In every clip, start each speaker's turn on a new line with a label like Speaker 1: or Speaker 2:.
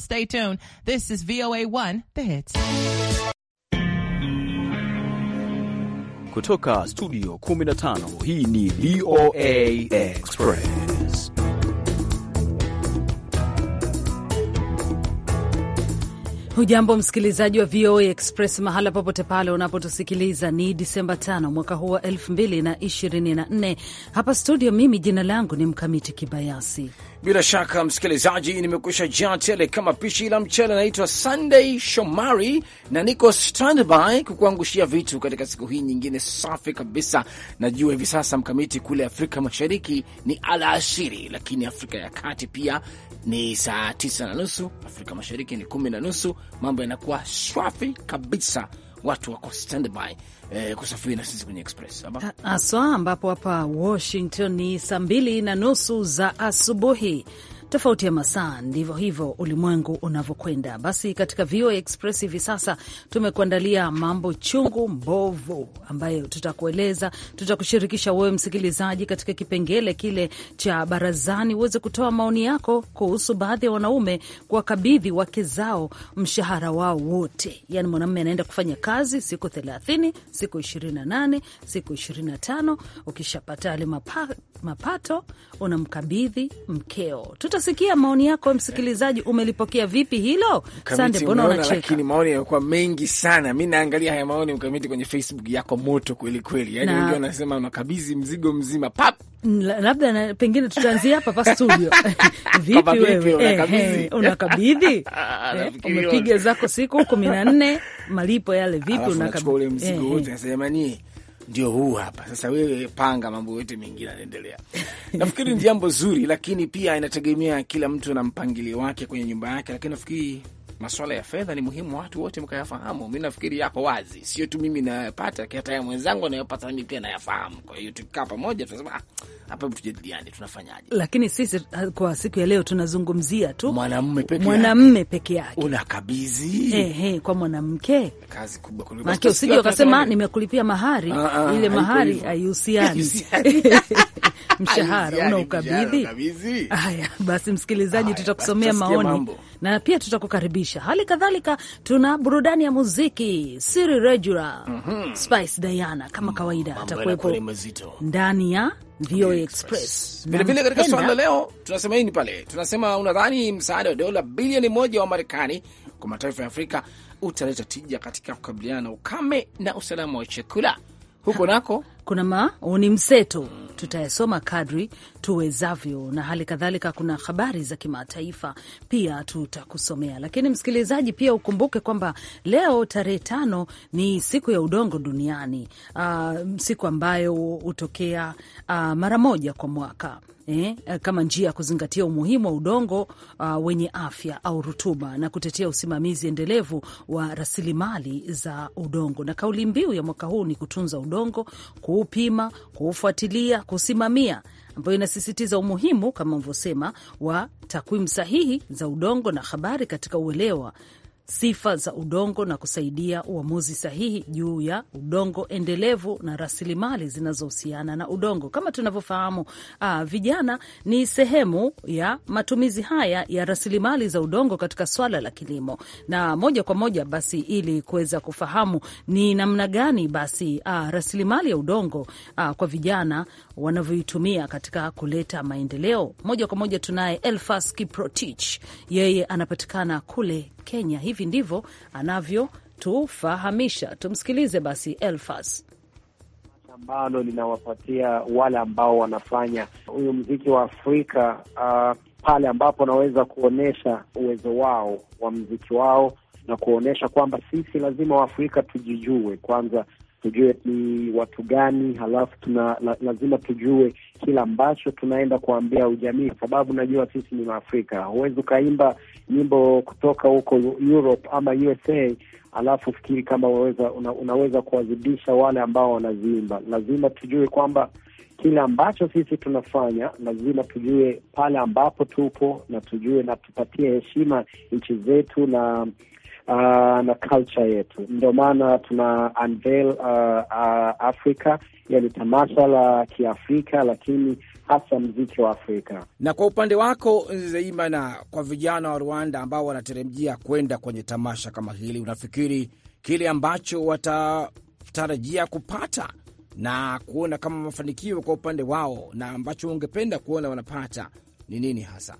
Speaker 1: Stay tuned. This is VOA1 The Hits.
Speaker 2: Kutoka studio 15 hii ni VOA Express.
Speaker 3: Hujambo msikilizaji wa VOA Express mahala popote pale unapotusikiliza. Ni Disemba 5 mwaka huu wa 2024 hapa studio. Mimi jina langu ni Mkamiti Kibayasi
Speaker 2: bila shaka msikilizaji, nimekusha jaa tele kama pishi la mchele. Naitwa Sunday Shomari na niko standby kukuangushia vitu katika siku hii nyingine safi kabisa. Najua hivi sasa mkamiti kule Afrika Mashariki ni alasiri, lakini Afrika ya Kati pia ni saa tisa na nusu, Afrika Mashariki ni kumi na nusu. Mambo yanakuwa safi kabisa watu wako standby eh, kusafiri na sisi kwenye express
Speaker 3: aswa, ambapo hapa Washington ni saa mbili na nusu za asubuhi tofauti ya masaa. Ndivyo hivyo ulimwengu unavyokwenda. Basi katika VOA Express hivi sasa tumekuandalia mambo chungu mbovu ambayo tutakueleza, tutakushirikisha wewe msikilizaji katika kipengele kile cha barazani, uweze kutoa maoni yako kuhusu baadhi ya wanaume kuwakabidhi wake zao mshahara wao wote. Yani mwanamume anaenda kufanya kazi siku thelathini, siku ishirini na nane, siku ishirini na tano, ukishapata yale mapato unamkabidhi mkeo Tuta tutasikia maoni yako msikilizaji, umelipokea vipi hilo? Sande, mbona unacheka? Lakini
Speaker 2: maoni yamekuwa mengi sana, mi naangalia haya maoni mkamiti kwenye Facebook yako moto kwelikweli yani wengi wanasema unakabidhi mzigo mzima pap
Speaker 3: labda na, pengine tutaanzia hapa pa studio vipi wewe unakabidhi eh, eh, eh, umepiga zako siku kumi na nne malipo yale vipi, unakabidhi ule mzigo wote,
Speaker 2: nasema ni ndio huu hapa sasa. Wewe panga mambo yote mengine anaendelea. Nafikiri ni jambo zuri, lakini pia inategemea kila mtu na mpangilio wake kwenye nyumba yake, lakini nafikiri maswala ya fedha ni muhimu watu wote mkayafahamu. Mi nafikiri yako wazi, sio tu mimi nayapata, hata ya mwenzangu anayopata mi pia nayafahamu. Kwa hiyo tukikaa pamoja tunasema ah, hapa, tujadiliane tunafanyaje.
Speaker 3: Lakini sisi kwa siku ya leo tunazungumzia tu mwanamume peke yake, mwanamume peke yake unakabidhi kwa mwanamke
Speaker 2: kazi kubwa Usije ukasema
Speaker 3: nimekulipia mahari, ah, ah, ile mahari haihusiani mshahara unaukabidhi. Haya basi, msikilizaji, tutakusomea maoni mambo na pia tutakukaribisha. Hali kadhalika tuna burudani ya muziki Siri Regula, mm -hmm. Spice Diana kama mm, kawaida atakuwepo ndani ya VOA Express. Vilevile katika swala
Speaker 2: leo tunasema hii ni pale tunasema, unadhani msaada wa dola bilioni moja wa Marekani kwa mataifa ya Afrika utaleta tija katika kukabiliana na ukame na usalama
Speaker 3: wa chakula huko nako kuna maoni mseto tutayasoma kadri tuwezavyo, na hali kadhalika kuna habari za kimataifa pia tutakusomea. Lakini msikilizaji, pia ukumbuke kwamba leo tarehe tano ni siku ya udongo duniani, uh, siku ambayo hutokea uh, mara moja kwa mwaka. Eh, kama njia ya kuzingatia umuhimu wa udongo uh, wenye afya au rutuba na kutetea usimamizi endelevu wa rasilimali za udongo. Na kauli mbiu ya mwaka huu ni kutunza udongo ku kuupima, kuufuatilia, kusimamia ambayo inasisitiza umuhimu kama ulivyosema wa takwimu sahihi za udongo na habari katika uelewa sifa za udongo na kusaidia uamuzi sahihi juu ya udongo endelevu na rasilimali zinazohusiana na udongo. Kama tunavyofahamu, uh, vijana ni sehemu ya matumizi haya ya rasilimali za udongo katika swala la kilimo, na moja kwa moja basi, ili kuweza kufahamu ni namna gani basi uh, rasilimali ya udongo uh, kwa vijana wanavyoitumia katika kuleta maendeleo, moja kwa moja tunaye Elfas Kiprotich, yeye anapatikana kule Kenya. Hivi ndivyo anavyotufahamisha. Tumsikilize basi Elfas
Speaker 4: ambalo linawapatia wale ambao wanafanya huyu mziki wa Afrika uh, pale ambapo wanaweza kuonyesha uwezo wao wa mziki wao na kuonyesha kwamba sisi lazima Waafrika tujijue kwanza, tujue ni watu gani, halafu tuna la, lazima tujue kila ambacho tunaenda kuambia ujamii, kwa sababu najua sisi ni Waafrika. Huwezi ukaimba nyimbo kutoka huko Europe ama USA, alafu fikiri kama waweza, una, unaweza kuwazidisha wale ambao wanaziimba. Lazima tujue kwamba kile ambacho sisi tunafanya, lazima tujue pale ambapo tupo na tujue na tupatie heshima nchi zetu na Uh, na culture yetu. Ndio maana tuna unveil, uh, uh, Africa, yani tamasha la Kiafrika, lakini hasa mziki wa Afrika.
Speaker 2: Na kwa upande wako Zeima, na kwa vijana wa Rwanda ambao wanateremjia kwenda kwenye tamasha kama hili, unafikiri kile ambacho watatarajia kupata na kuona kama mafanikio kwa upande wao na ambacho ungependa kuona wanapata ni nini hasa?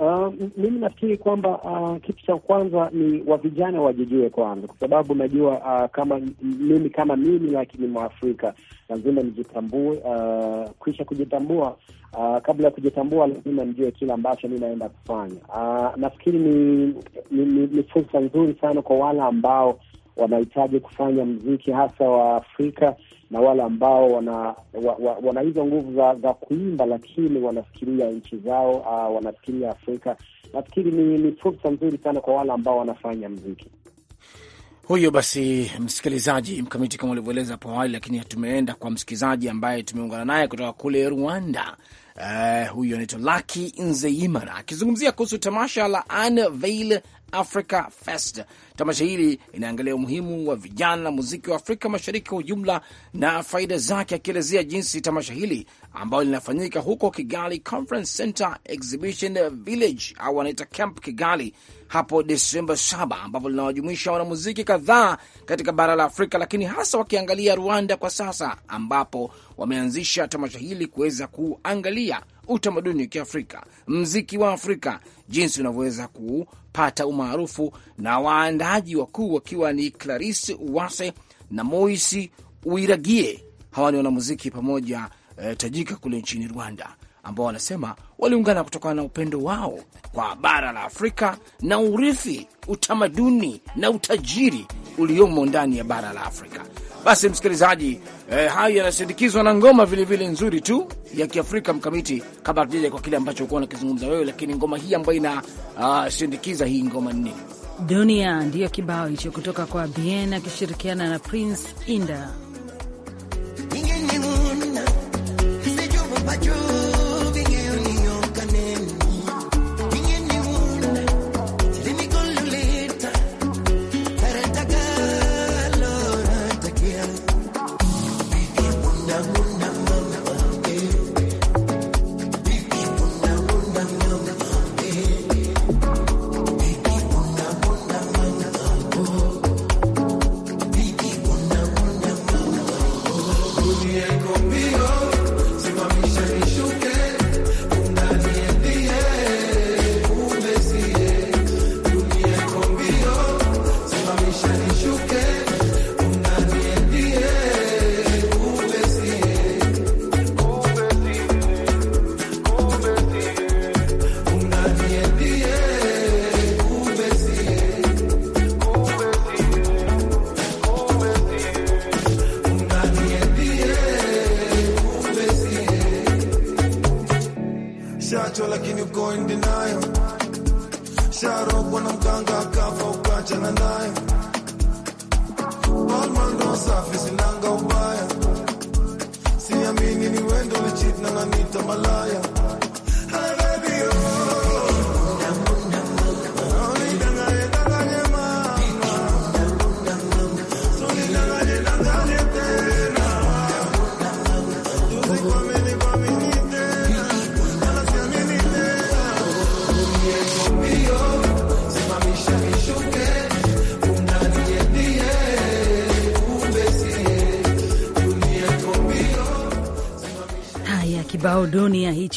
Speaker 4: Uh, mimi nafikiri kwamba uh, kitu cha kwanza ni wa vijana wajijue kwanza, kwa sababu najua uh, kama mimi kama mimi lakini Mwafrika lazima nijitambue. Uh, kisha kujitambua, uh, kabla ya kujitambua, lazima nijue kile ambacho mi naenda kufanya. Uh, nafikiri ni, ni, ni, ni fursa nzuri sana kwa wale ambao wanahitaji kufanya mziki hasa wa Afrika na wale ambao wana wa, wa, wana hizo nguvu za, za kuimba lakini wanafikiria nchi zao, uh, wanafikiria Afrika. Nafikiri ni, ni fursa nzuri sana kwa wale ambao wanafanya mziki.
Speaker 2: Huyo basi msikilizaji mkamiti, kama ulivyoeleza hapo awali, lakini tumeenda kwa msikilizaji ambaye tumeungana naye kutoka kule Rwanda. Uh, huyo anaitwa Laki Nzeyimana akizungumzia kuhusu tamasha la Anne Africa Fest. Tamasha hili inaangalia umuhimu wa vijana na muziki wa Afrika Mashariki kwa ujumla na faida zake, akielezea jinsi tamasha hili ambalo linafanyika huko Kigali Conference Center Exhibition Village au wanaita Camp Kigali hapo Desemba 7, ambapo linawajumuisha wanamuziki kadhaa katika bara la Afrika, lakini hasa wakiangalia Rwanda kwa sasa, ambapo wameanzisha tamasha hili kuweza kuangalia utamaduni wa Kiafrika, mziki wa Afrika, jinsi unavyoweza kupata umaarufu, na waandaji wakuu wakiwa ni Clarisse Uwase na Moisi Uiragie. Hawa ni wanamuziki pamoja eh, tajika kule nchini Rwanda ambao wanasema waliungana kutokana na upendo wao kwa bara la Afrika na urithi, utamaduni na utajiri uliomo ndani ya bara la Afrika. Basi msikilizaji, eh, hayo yanasindikizwa na ngoma vilevile vile nzuri tu ya Kiafrika mkamiti, kabla kwa kile ambacho ukuwa nakizungumza wewe, lakini ngoma hii ambayo inasindikiza ah, uh, hii ngoma nne
Speaker 3: dunia ndiyo kibao hicho kutoka kwa Bien akishirikiana na Prince Inda.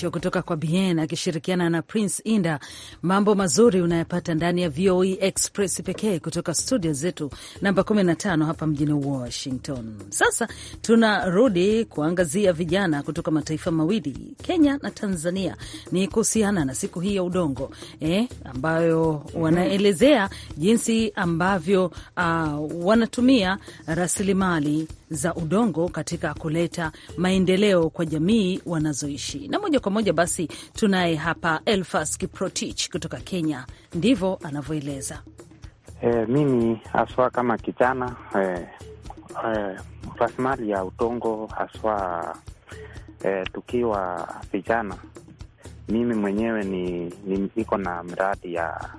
Speaker 3: hicho kutoka kwa Bien akishirikiana na Prince Inda. Mambo mazuri unayapata ndani ya VOE Express pekee kutoka studio zetu namba 15 hapa mjini Washington. Sasa tunarudi kuangazia vijana kutoka mataifa mawili, Kenya na Tanzania, ni kuhusiana na siku hii ya udongo eh, ambayo wanaelezea jinsi ambavyo uh, wanatumia rasilimali za udongo katika kuleta maendeleo kwa jamii wanazoishi na moja kwa moja basi tunaye hapa Elfas Kiprotich kutoka Kenya, ndivyo anavyoeleza.
Speaker 5: Eh, mimi haswa kama kijana eh, eh, rasilimali ya utongo haswa eh, tukiwa vijana, mimi mwenyewe ni, ni niko na mradi ya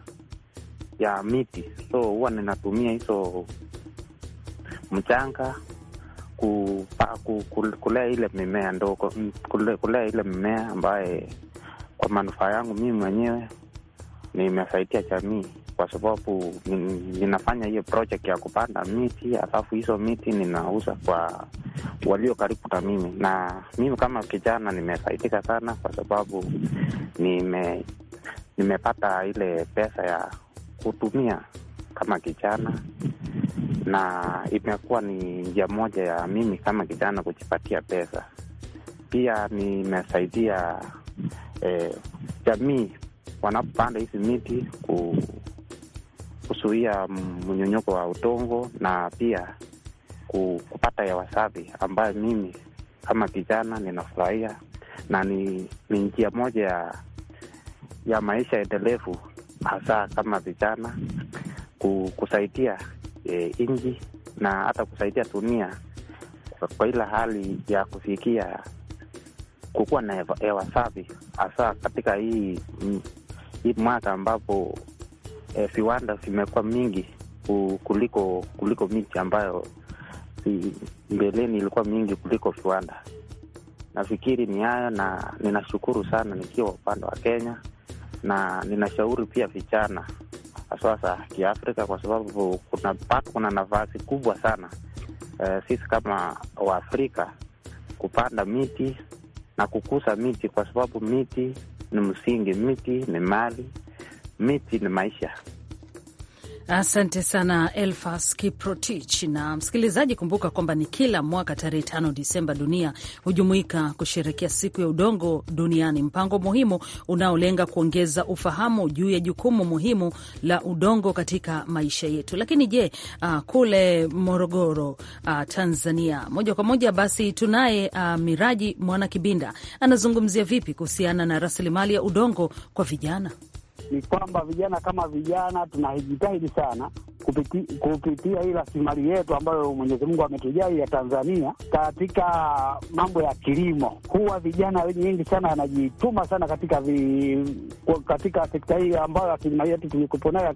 Speaker 5: ya miti so huwa ninatumia hizo mchanga ku, ku, ku, kulea ile mimea ndogo, mm, kulea, kulea ile mimea ambaye kwa manufaa yangu mimi mwenyewe nimesaidia jamii, kwa sababu ninafanya hiyo project ya kupanda miti, alafu hizo miti ninauza kwa walio karibu na mimi, na mimi kama kijana nimefaidika sana, kwa sababu nime nimepata ile pesa ya kutumia kama kijana, na imekuwa ni njia moja ya mimi kama kijana kujipatia pesa. Pia nimesaidia eh, jamii wanapopanda hizi miti ku, kuzuia mnyonyoko wa udongo na pia kupata hewa safi ambayo mimi kama kijana ninafurahia na ni, ni njia moja ya, ya maisha endelevu hasa kama vijana kusaidia e, eh, nchi na hata kusaidia dunia kwa ile hali ya kufikia kukuwa na hewa safi, hasa katika hii hii mwaka ambapo e, viwanda vimekuwa mingi kuliko kuliko miji ambayo mbeleni ilikuwa mingi kuliko viwanda. Nafikiri ni hayo, na ninashukuru sana nikiwa upande wa Kenya, na ninashauri pia vijana haswa za Kiafrika, kwa sababu kuna bado kuna nafasi kubwa sana e, sisi kama Waafrika kupanda miti na kukuza miti, kwa sababu miti ni msingi, miti ni mali, miti ni maisha.
Speaker 3: Asante sana Elfas Kiprotich. Na msikilizaji, kumbuka kwamba ni kila mwaka tarehe tano Disemba dunia hujumuika kusherekea siku ya udongo duniani, mpango muhimu unaolenga kuongeza ufahamu juu ya jukumu muhimu la udongo katika maisha yetu. Lakini je, uh, kule Morogoro, uh, Tanzania moja kwa moja, basi tunaye uh, Miraji Mwana Kibinda anazungumzia vipi kuhusiana na rasilimali ya udongo kwa vijana?
Speaker 6: ni kwamba vijana kama vijana tunajitahidi sana kupiti, kupitia hii rasilimali yetu ambayo Mwenyezi Mungu ametujali ya Tanzania katika mambo ya kilimo. Huwa vijana wengi sana wanajituma sana katika vi, katika sekta hii ambayo rasilimali yetu tulikupo nayo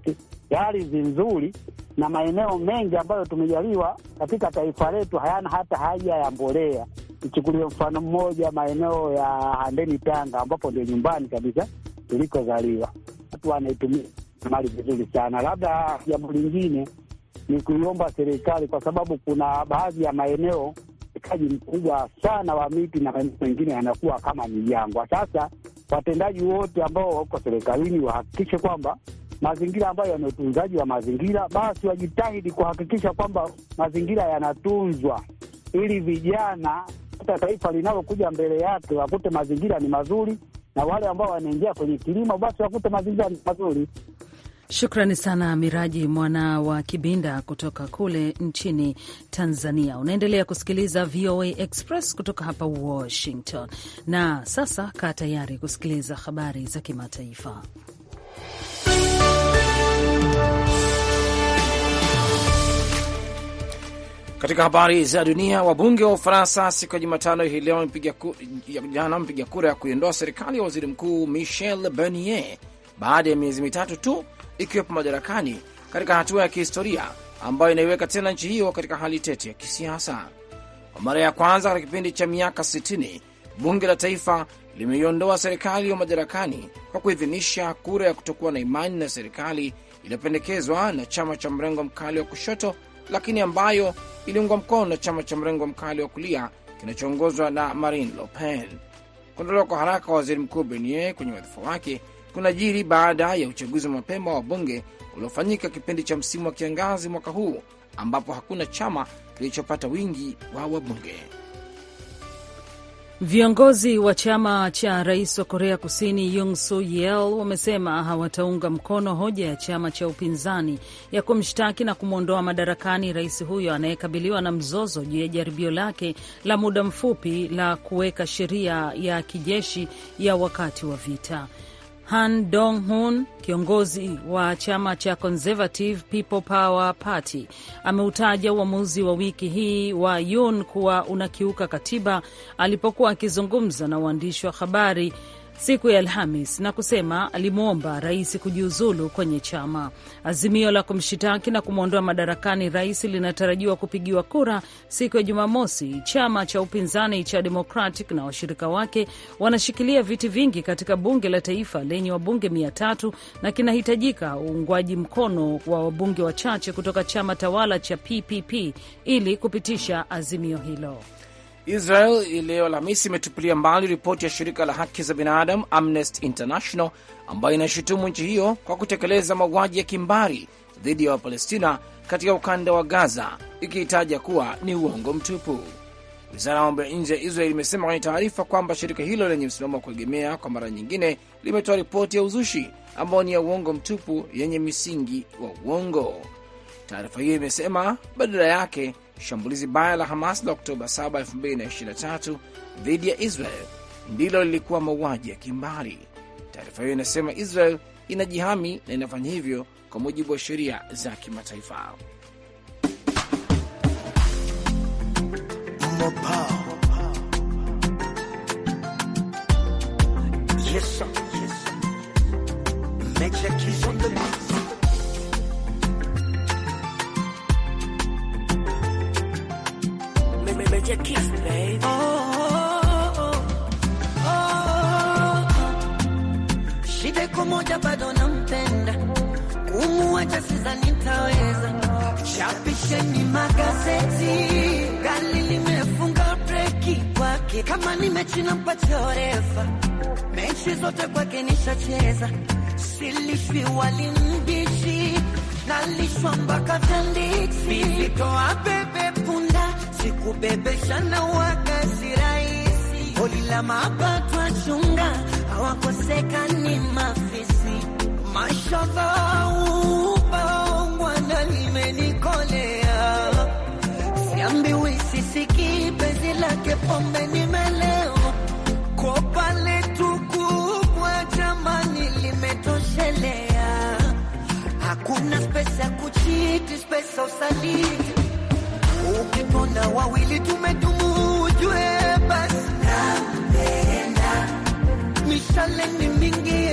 Speaker 6: ya ardhi nzuri na maeneo mengi ambayo tumejaliwa katika taifa letu hayana hata haja ya mbolea. Tuchukulie mfano mmoja, maeneo ya Handeni, Tanga, ambapo ndio nyumbani kabisa tulikozaliwa watu wanaitumia mali vizuri sana. Labda jambo lingine ni kuiomba serikali, kwa sababu kuna baadhi ya maeneo ekaji mkubwa sana wa miti na maeneo mengine yanakuwa kama ni jangwa. Sasa watendaji wote ambao wako serikalini wahakikishe kwamba mazingira ambayo yana utunzaji wa mazingira, basi wajitahidi kuhakikisha kwamba mazingira yanatunzwa, ili vijana hata taifa linalokuja mbele yake wakute mazingira ni mazuri na wale ambao wanaingia kwenye kilimo basi wakute mazingira ni mazuri.
Speaker 3: Shukrani sana Miraji Mwana wa Kibinda kutoka kule nchini Tanzania. Unaendelea kusikiliza VOA Express kutoka hapa Washington, na sasa kaa tayari kusikiliza habari za kimataifa.
Speaker 2: Katika habari za dunia, wabunge wa Ufaransa siku ya Jumatano hii leo jana mpiga kura ya kuiondoa serikali ya waziri mkuu Michel Barnier baada ya miezi mitatu tu ikiwepo madarakani, katika hatua ya kihistoria ambayo inaiweka tena nchi hiyo katika hali tete ya kisiasa. Kwa mara ya kwanza katika kipindi cha miaka 60 bunge la taifa limeiondoa serikali ya madarakani kwa kuidhinisha kura ya kutokuwa na imani na serikali iliyopendekezwa na chama cha mrengo mkali wa kushoto lakini ambayo iliungwa mkono na chama cha mrengo mkali wa kulia kinachoongozwa na Marine Le Pen. Kuondolewa kwa haraka waziri mkuu Bernier kwenye wadhifa wake kunajiri baada ya uchaguzi wa mapema wa bunge uliofanyika kipindi cha msimu wa kiangazi mwaka huu ambapo hakuna chama kilichopata wingi wa wabunge.
Speaker 3: Viongozi wa chama cha rais wa Korea Kusini yung su yel wamesema hawataunga mkono hoja ya chama cha upinzani ya kumshtaki na kumwondoa madarakani rais huyo anayekabiliwa na mzozo juu ya jaribio lake la muda mfupi la kuweka sheria ya kijeshi ya wakati wa vita. Han Dong-hun, kiongozi wa chama cha Conservative People Power Party, ameutaja uamuzi wa wiki hii wa Yun kuwa unakiuka katiba alipokuwa akizungumza na waandishi wa habari siku ya Alhamis na kusema alimwomba rais kujiuzulu kwenye chama. Azimio la kumshitaki na kumwondoa madarakani rais linatarajiwa kupigiwa kura siku ya Jumamosi. Chama cha upinzani cha Democratic na washirika wake wanashikilia viti vingi katika bunge la taifa lenye wabunge mia tatu na kinahitajika uungwaji mkono wa wabunge wachache kutoka chama tawala cha PPP ili kupitisha azimio hilo.
Speaker 2: Israel leo Alhamisi imetupilia mbali ripoti ya shirika la haki za binadamu Amnesty International ambayo inashutumu nchi hiyo kwa kutekeleza mauaji ya kimbari dhidi ya Wapalestina katika ukanda wa Gaza, ikiitaja kuwa ni uongo mtupu. Wizara ya mambo ya nje ya Israel imesema kwenye taarifa kwamba shirika hilo lenye msimamo wa kuegemea kwa mara nyingine limetoa ripoti ya uzushi ambayo ni ya uongo mtupu yenye misingi wa uongo. Taarifa hiyo imesema badala yake Shambulizi baya la Hamas la Oktoba 7, 2023 dhidi ya Israel ndilo lilikuwa mauaji ya kimbari. Taarifa hiyo inasema Israel inajihami na inafanya hivyo kwa mujibu wa sheria za kimataifa.
Speaker 1: Yes, yes. need oh, oh, oh. bado nampenda, kumuacha Chapisheni magazeti, gari limefunga breki kwake, kama ni mechi nampatia refa, mechi zote kwake nishacheza, silishwi walimbishi, nalishwa mpaka tandiki, nilitoa bebe walikubebesha na wakasiraisi, holi la mapato wachunga ni mafisi, mashofa upaongwana limenikolea, siambiwi sisiki penzi lake pombe nimeleo kopa letu kubwa jamani limetoshelea, hakuna spesa kuchiti, spesa usalii ukipona wawili tumedumu, ujue basi napenda mishale ni mingi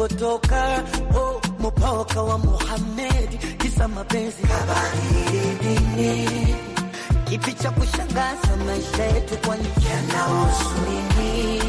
Speaker 1: ulikotoka, oh, mupaoka wa Muhammad, kisa mapenzi. Kipi cha kushangaza maisha yetu kwani yanahusu nini?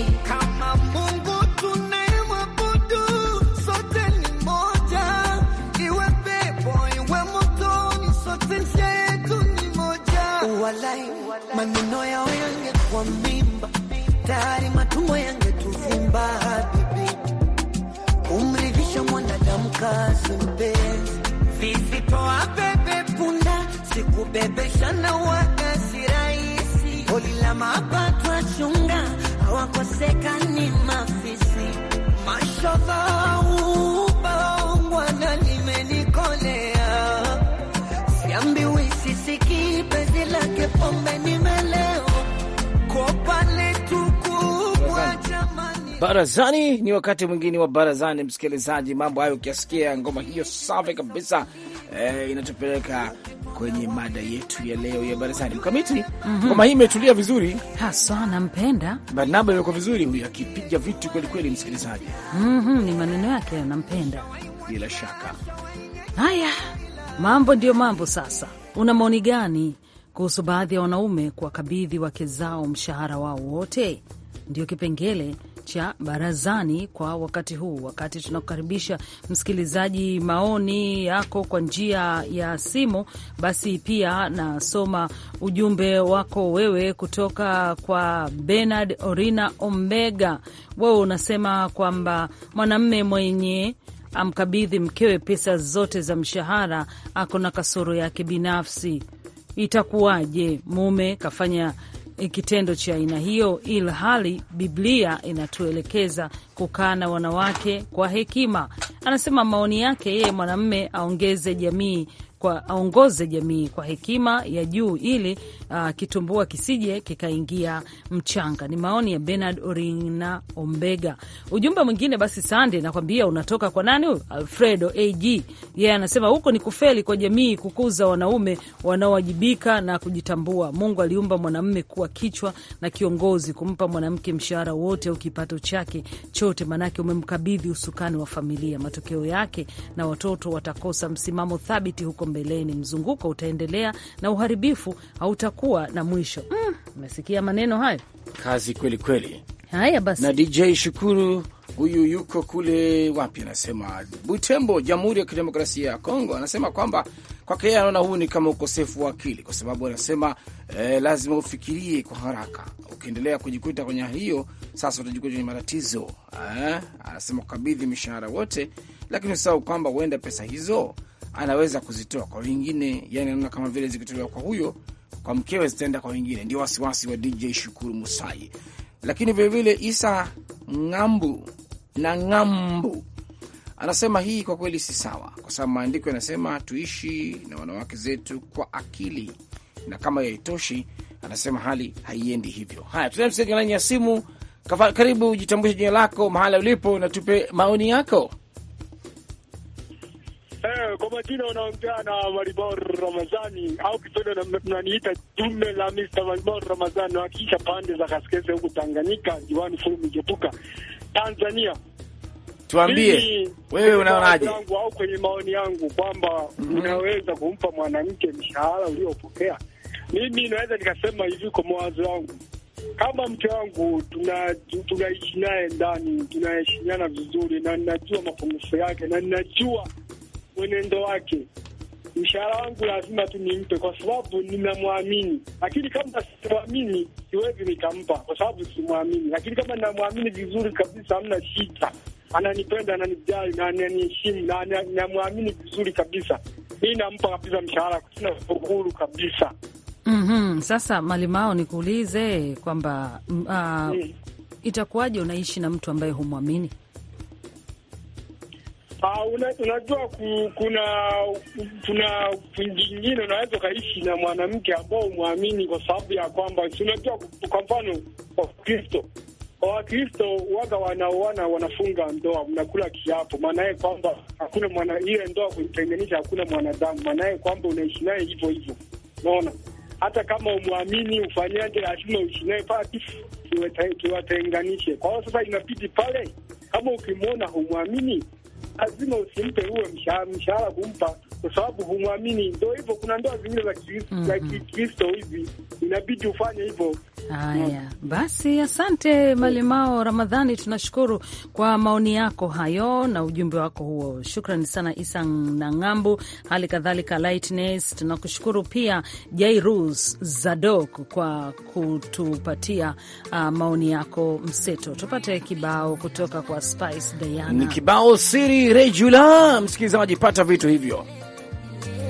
Speaker 1: kazi mpenzi, visipoa pepe punda sikubebeshana wakasi rahisi, holi la mapato chunga hawakosekani ma
Speaker 2: barazani. Ni wakati mwingine wa barazani, msikilizaji. Mambo hayo ukiasikia ngoma hiyo safi kabisa eh, inatupeleka kwenye mada yetu ya leo ya barazani mkamiti. mm -hmm. Ngoma hii imetulia vizuri
Speaker 3: haswa, nampenda
Speaker 2: Barnaba, imekuwa vizuri huyu akipiga vitu kwelikweli, msikilizaji.
Speaker 3: mm -hmm. Ni maneno yake nampenda,
Speaker 2: bila shaka.
Speaker 3: Haya mambo ndiyo mambo. Sasa una maoni gani kuhusu baadhi ya wanaume kuwakabidhi wake zao mshahara wao wote? Ndiyo kipengele cha barazani kwa wakati huu, wakati tunakukaribisha msikilizaji, maoni yako kwa njia ya simu. Basi pia nasoma ujumbe wako wewe kutoka kwa Bernard Orina Ombega. Wewe unasema kwamba mwanamme mwenye amkabidhi mkewe pesa zote za mshahara ako na kasoro yake binafsi. Itakuwaje? Mume kafanya Eh, kitendo cha aina hiyo, ilhali Biblia inatuelekeza kukaa na wanawake kwa hekima. Anasema maoni yake yeye, mwanamme aongeze jamii kwa aongoze jamii kwa hekima ya juu ili uh, kitumbua kisije kikaingia mchanga. Ni maoni ya Bernard Orina Ombega. Ujumbe mwingine basi, Sande nakwambia unatoka kwa nani huyu? Alfredo AG yeye yeah, anasema huko ni kufeli kwa jamii kukuza wanaume wanaowajibika na kujitambua. Mungu aliumba mwanamume kuwa kichwa na kiongozi, kumpa mwanamke mshahara wote au kipato chake chote, maanake umemkabidhi usukani wa familia. Matokeo yake na watoto watakosa msimamo thabiti huko mbeleni. Mzunguko utaendelea na uharibifu hautakuwa na mwisho. Mm, maneno hayo,
Speaker 2: kazi kweli kweli.
Speaker 3: Haya basi, na DJ
Speaker 2: Shukuru huyu yuko kule wapi? Anasema Butembo, Jamhuri ya Kidemokrasia ya Kongo. Anasema kwamba kwake yeye anaona huu ni kama ukosefu wa akili, kwa sababu anasema eh, lazima ufikirie kwa haraka. Ukiendelea kujikuta kwenye hiyo, sasa utajikuta kwenye matatizo eh. Anasema kukabidhi mishahara wote, lakini usahau kwamba huenda pesa hizo anaweza kuzitoa kwa wengine, yani anaona kama vile zikitolewa kwa huyo, kwa mkewe zitaenda kwa wengine. Ndio wasiwasi wa DJ Shukuru Musai. Lakini vilevile Isa Ng'ambu na Ng'ambu anasema hii kwa kweli si sawa, kwa sababu maandiko yanasema tuishi na wanawake zetu kwa akili, na kama yaitoshi, anasema hali haiendi hivyo. Haya, tunaye ya simu. Karibu, jitambulishe jina lako, mahala ulipo, na tupe maoni yako.
Speaker 7: Eh, kwa majina unaongea na Maribor Ramazani au kitendo naniita jume la Mr. Maribor Ramazani, wakisha pande za Kaskese huku Tanganyika, jiwani fulumi Jepuka, Tanzania.
Speaker 2: Tuambie
Speaker 7: wewe unaonaje, au kwenye maoni yangu kwamba mm -hmm. unaweza kumpa mwanamke mshahara uliopokea? Mimi naweza nikasema hivi kwa mawazo yangu kama mke wangu tunaishi naye ndani, tunaheshimiana vizuri, na ninajua mapungufu yake na ninajua mwenendo wake, mshahara wangu lazima tu nimpe, kwa sababu ninamwamini. Lakini kama simwamini, siwezi nikampa, kwa sababu simwamini. Lakini kama namwamini vizuri kabisa, hamna shida, ananipenda, ananijali na ananiheshimu na namwamini vizuri kabisa, mi nampa kabisa mshahara, kuna uhuru kabisa.
Speaker 3: Mm -hmm. Sasa Malimao, nikuulize kwamba uh, mm. Itakuwaje unaishi na mtu ambaye humwamini?
Speaker 7: Ah, una, unajua ku, kuna kuna kwingine unaweza ukaishi na mwanamke ambao umwamini kwa sababu ya kwamba unajua, kwa mfano Wakristo Wakristo waga wanaoana wanafunga ndoa, mnakula kiapo, maanaye kwamba hakuna mwana ile ndoa kuitenganisha, hakuna mwanadamu, maanaye kwamba unaishi naye hivyo hivyo, unaona hata kama umwamini ufanyaje, lazima uishi naye paa Kwa hiyo sasa inabidi pale, kama ukimwona humwamini lazima usimpe huwe mshahara kumpa kwa sababu humwamini. Ndo hivyo, kuna ndoa zingine za mhm. Kikristo hivi inabidi ufanye hivyo.
Speaker 3: Haya mm. basi, asante Malimao Ramadhani, tunashukuru kwa maoni yako hayo na ujumbe wako huo. Shukrani sana Isa Nang'ambu, hali kadhalika Lightness. Tunakushukuru pia Jairus Zadok kwa kutupatia uh, maoni yako mseto. Tupate kibao kutoka kwa Spice Diana, ni
Speaker 2: kibao siri regula. Msikilizaji, pata vitu hivyo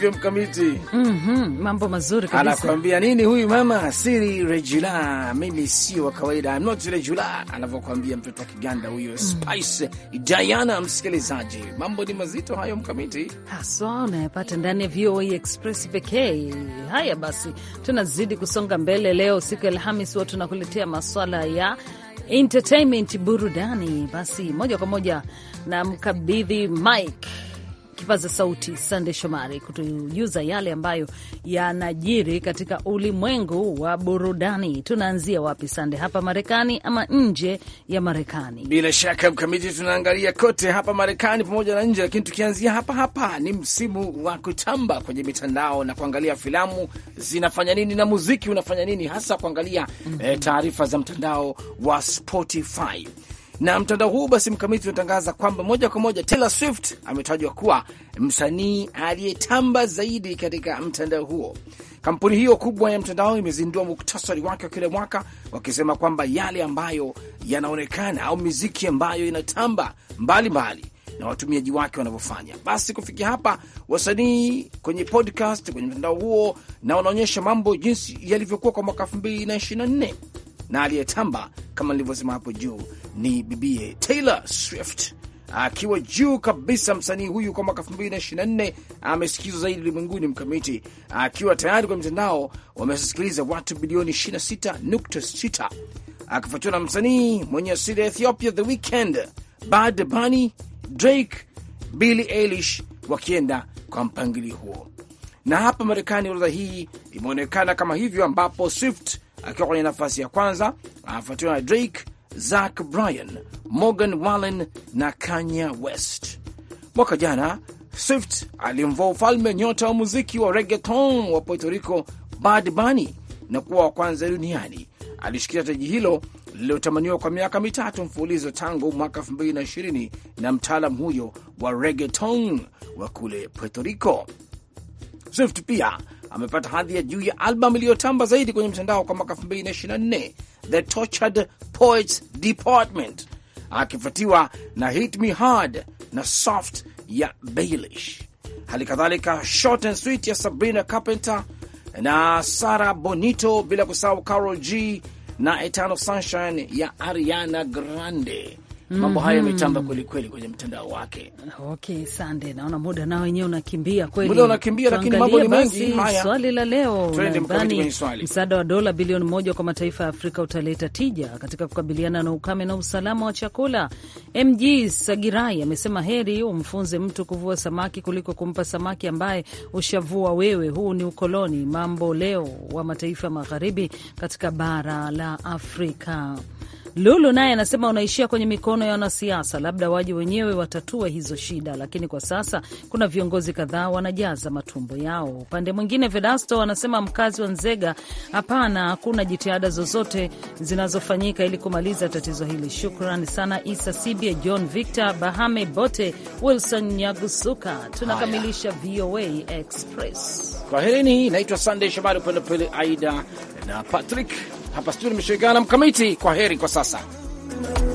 Speaker 2: hivyo
Speaker 3: mkamiti. mm -hmm, mambo mazuri kabisa. Anakuambia
Speaker 2: nini huyu mama siri regula, mimi sio wa kawaida, I'm not regula, anavyokuambia mtoto wa Kiganda huyo. mm -hmm. Spice Diana, msikilizaji, mambo ni mazito hayo mkamiti,
Speaker 3: haswa unayapata ndani ya VOA Express pekee. Haya basi, tunazidi kusonga mbele. Leo siku ya Alhamisi, huwa tunakuletea maswala ya entertainment, burudani. Basi moja kwa moja na mkabidhi Mike kipaza sauti Sande Shomari kutujuza yale ambayo yanajiri katika ulimwengu wa burudani. Tunaanzia wapi Sande, hapa Marekani ama nje ya Marekani?
Speaker 2: Bila shaka Mkamiti, tunaangalia kote hapa Marekani pamoja na nje, lakini tukianzia hapa hapa ni msimu wa kutamba kwenye mitandao na kuangalia filamu zinafanya nini na muziki unafanya nini, hasa kuangalia mm -hmm. eh, taarifa za mtandao wa Spotify na mtandao huu basi mkamiti unatangaza kwamba moja kwa moja Taylor Swift ametajwa kuwa msanii aliyetamba zaidi katika mtandao huo. Kampuni hiyo kubwa ya mtandao imezindua muktasari wake wa kila mwaka, wakisema kwamba yale ambayo yanaonekana au miziki ambayo inatamba mbalimbali mbali, na watumiaji wake wanavyofanya. Basi kufikia hapa, wasanii kwenye podcast kwenye mtandao huo na wanaonyesha mambo jinsi yalivyokuwa kwa mwaka 224 na aliyetamba kama nilivyosema hapo juu, ni bibie Taylor Swift akiwa juu kabisa. Msanii huyu kwa mwaka 2024 amesikizwa zaidi ulimwenguni mkamiti, akiwa tayari kwa mitandao wamesikiliza watu bilioni 26.6, akifuatiwa na msanii mwenye asili ya Ethiopia The Weeknd, Bad Bunny, Drake, Billie Eilish wakienda kwa mpangilio huo. Na hapa Marekani, orodha hii imeonekana kama hivyo, ambapo Swift akiwa kwenye nafasi ya kwanza, anafuatiwa na Drake, Zach Bryan, Morgan Wallen na Kanye West. Mwaka jana Swift alimvua ufalme nyota wa muziki wa reggaeton wa Puerto Rico Bad Bunny na kuwa wa kwanza duniani. Alishikilia taji hilo lililotamaniwa kwa miaka mitatu mfululizo tangu mwaka 2020 na mtaalam huyo wa reggaeton wa kule Puerto Rico. Swift pia amepata hadhi ya juu ya albamu iliyotamba zaidi kwenye mtandao kwa mwaka 2024 The Tortured Poets Department, akifuatiwa na Hit Me Hard na Soft ya bailish hali kadhalika Short and Sweet ya Sabrina Carpenter na Sara Bonito, bila kusahau Carol G na Eternal Sunshine ya Ariana Grande
Speaker 3: mambo hayo mhm. yametamba kwelikweli kwenye mtandao wake. Okay, sande, naona muda nao wenyewe unakimbia kweli, muda unakimbia, lakini mambo ni mengi. Haya, swali la leo, nadhani msaada wa dola bilioni moja kwa mataifa ya Afrika utaleta tija katika kukabiliana na ukame na usalama wa chakula. MG Sagirai amesema heri umfunze mtu kuvua samaki kuliko kumpa samaki ambaye ushavua wewe. Huu ni ukoloni mambo leo wa mataifa magharibi katika bara la Afrika. Lulu naye anasema unaishia kwenye mikono ya wanasiasa, labda waje wenyewe watatue hizo shida, lakini kwa sasa kuna viongozi kadhaa wanajaza matumbo yao. Upande mwingine, Vedasto anasema mkazi wa Nzega, hapana, hakuna jitihada zozote zinazofanyika ili kumaliza tatizo hili. Shukrani sana Isa Sibye, John Victor Bahame, Bote Wilson Nyagusuka. Tunakamilisha VOA Express
Speaker 2: kwa Naitwa Sandey Shomari, upande pili Aida na Patrick. Hapa studio nimeshirikiana na Mkamiti. Kwa heri kwa sasa.